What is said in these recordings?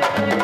Thank you.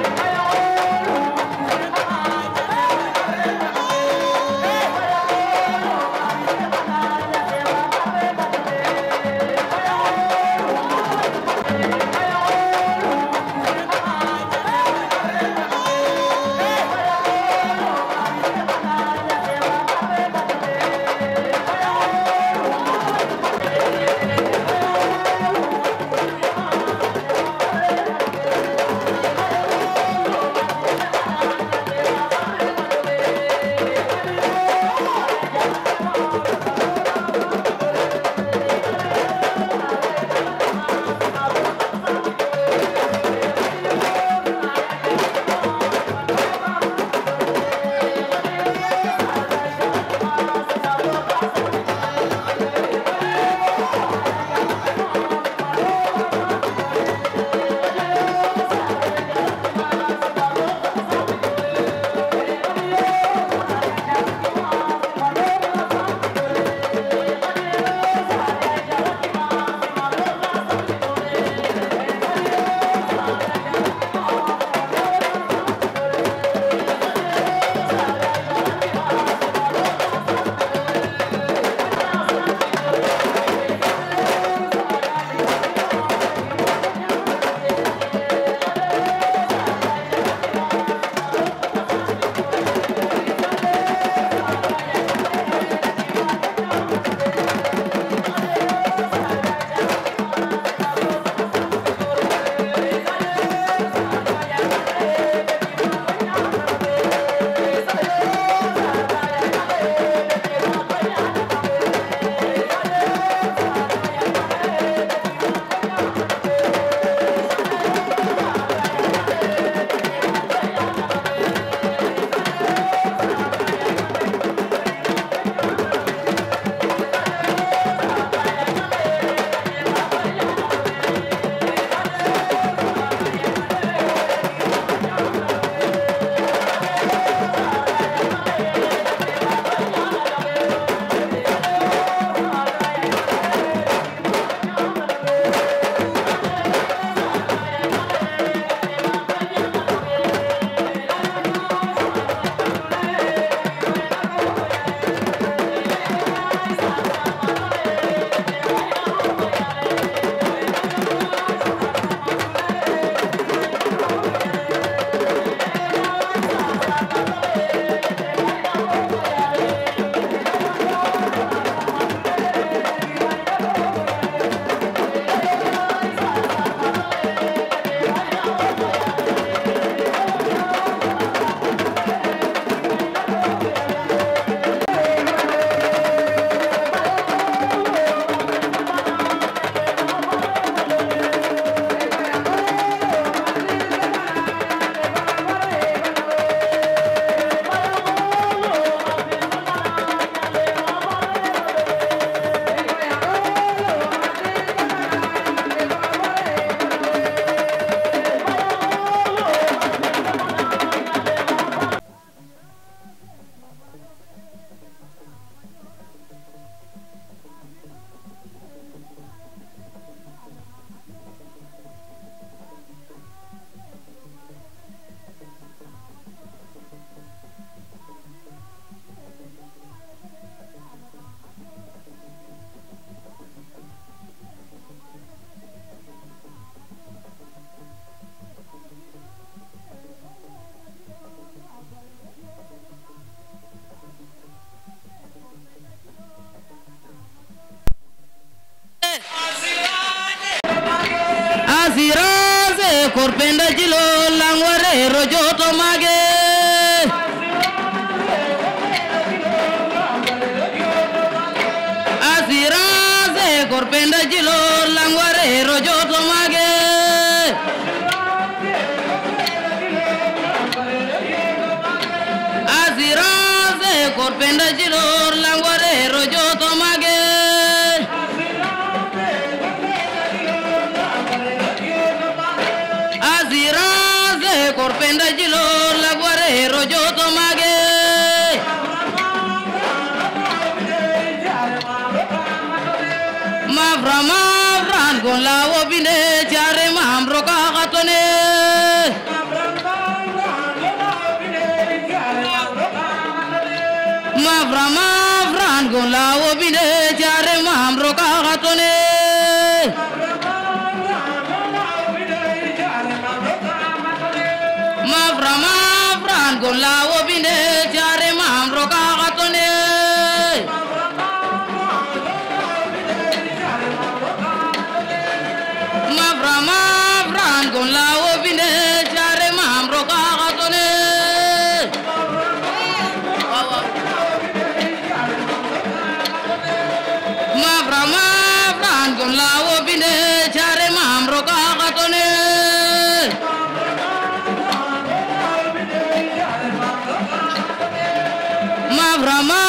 করপেন্ডাচি ল ল্যাংवारे রজো তো মাগে আজিরাজে করপেন্ডাচি ল ল্যাংवारे রজো তো মাগে আজিরাজে করপেন্ডাচি ল ল্যাংवारे রজো তো মাগে Avram Avram Gola Obine Rama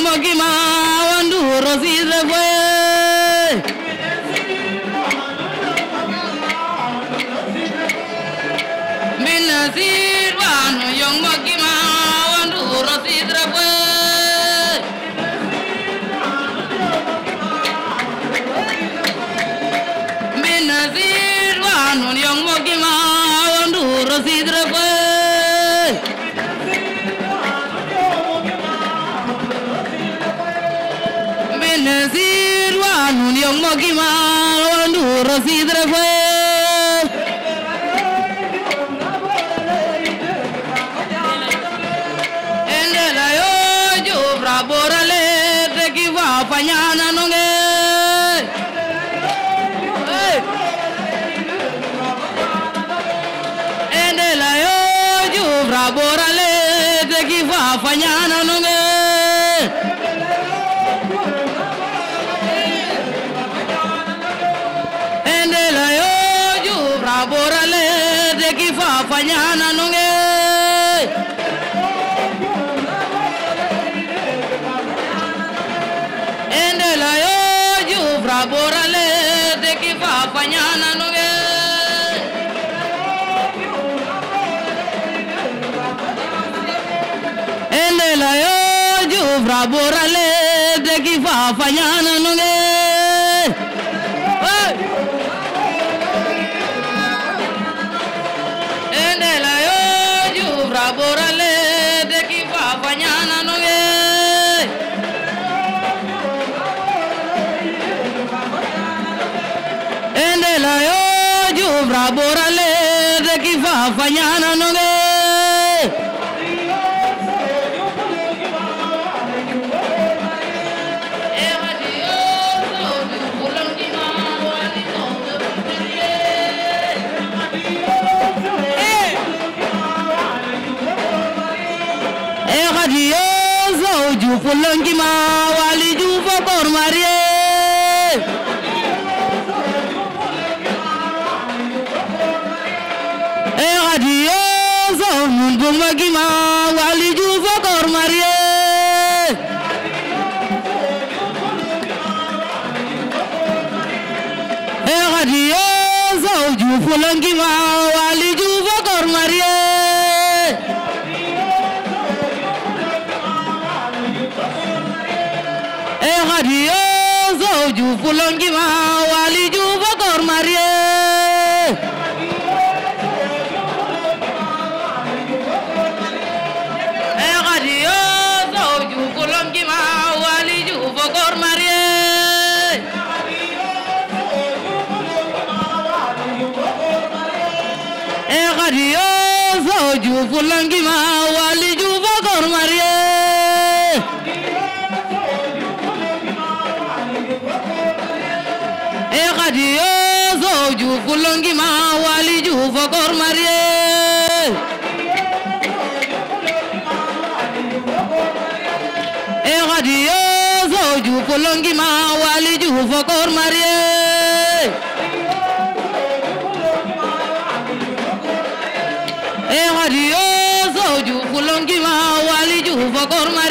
moo gi ma النذير وعنه اليوم وكما وندور رصيد رفاه ಬೋರಲೆ ತೆಗಿ ಪಾಪ ಜ್ಞಾನನುವೆ ಎಂದೆಲಯೋ ಜೂ ಪ್ರಬೋರಲೆ ತೆಗಿ ಪಾಪ ಜ್ಞಾನನುವೆ bañaana no nge e xadi yo zawju fulongi ma magima wali Diouf ak or marié e xadiyo saw Diouf langima wali Diouf ak or marié e xadiyo saw Diouf langima jongima wali juba kor mariye e khadi yo zoju kulongima wali juba kor mariye e khadi yo zoju kulongima wali juba kor mariye ko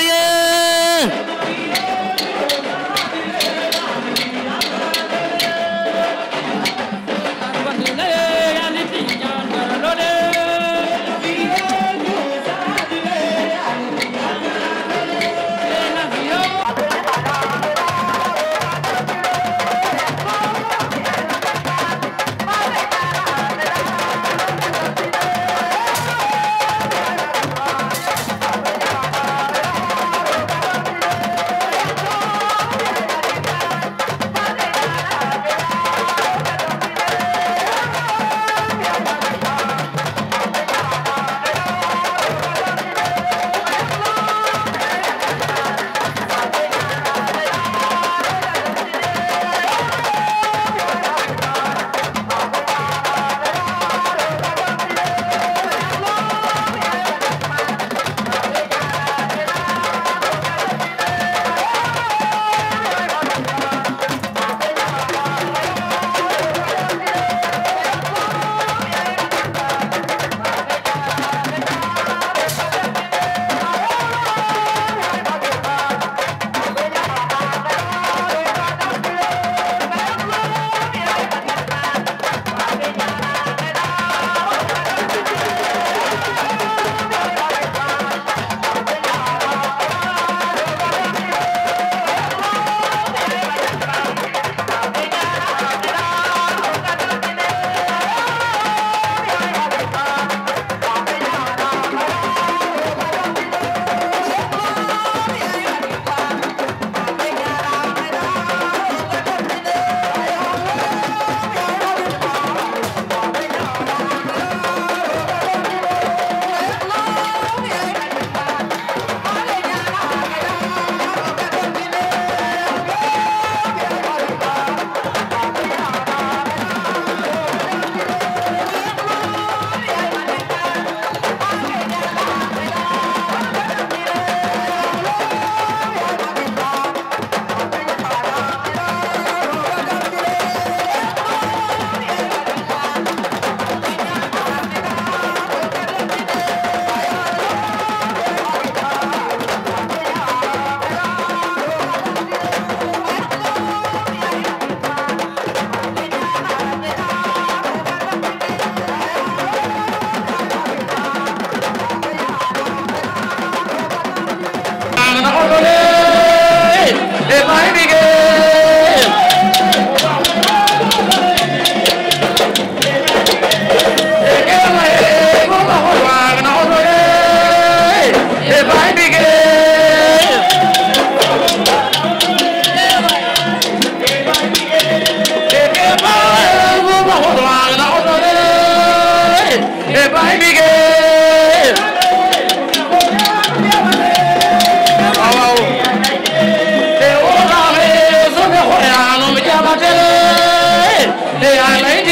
day alay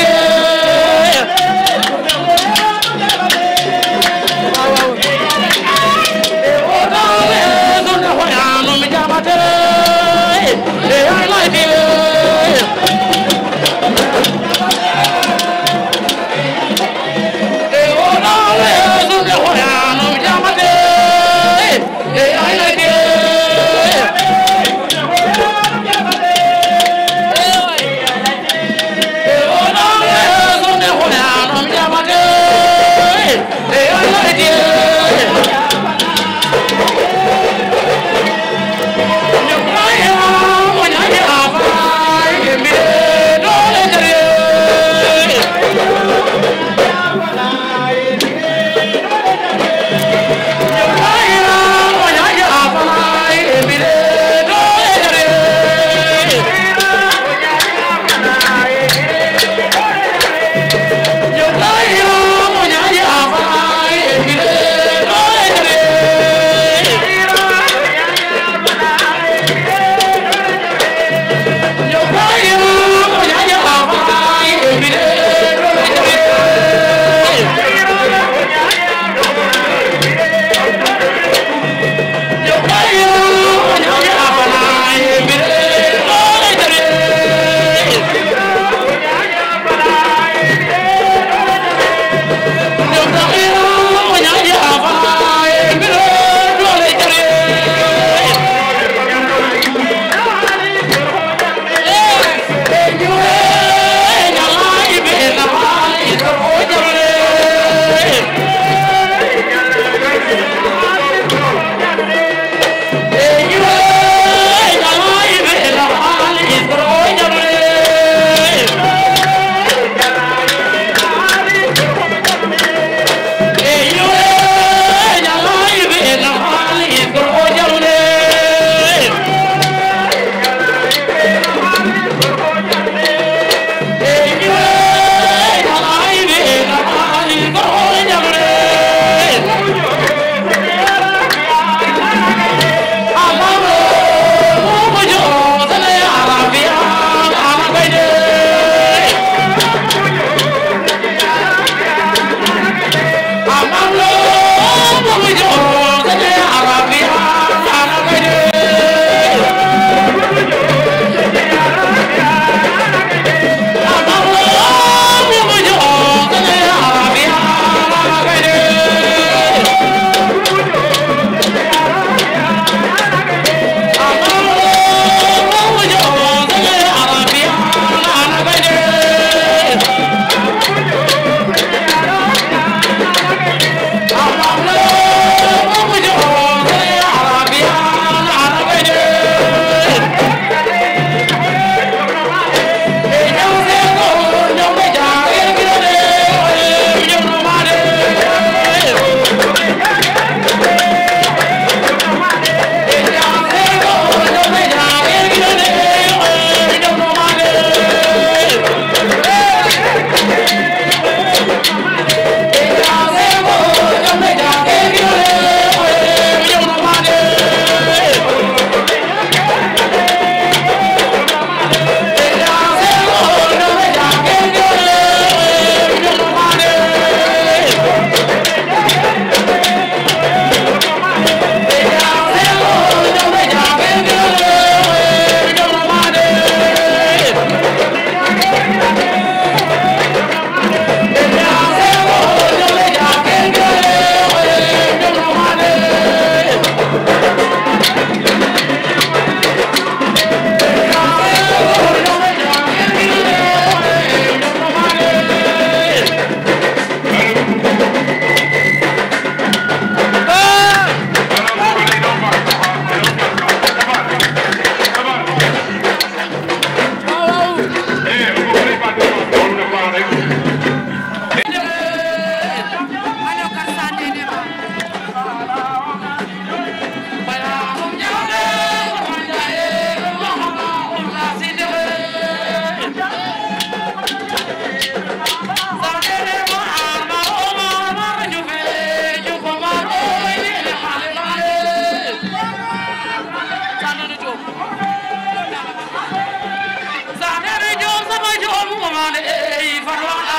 ne ey eh, farlon eh, eh,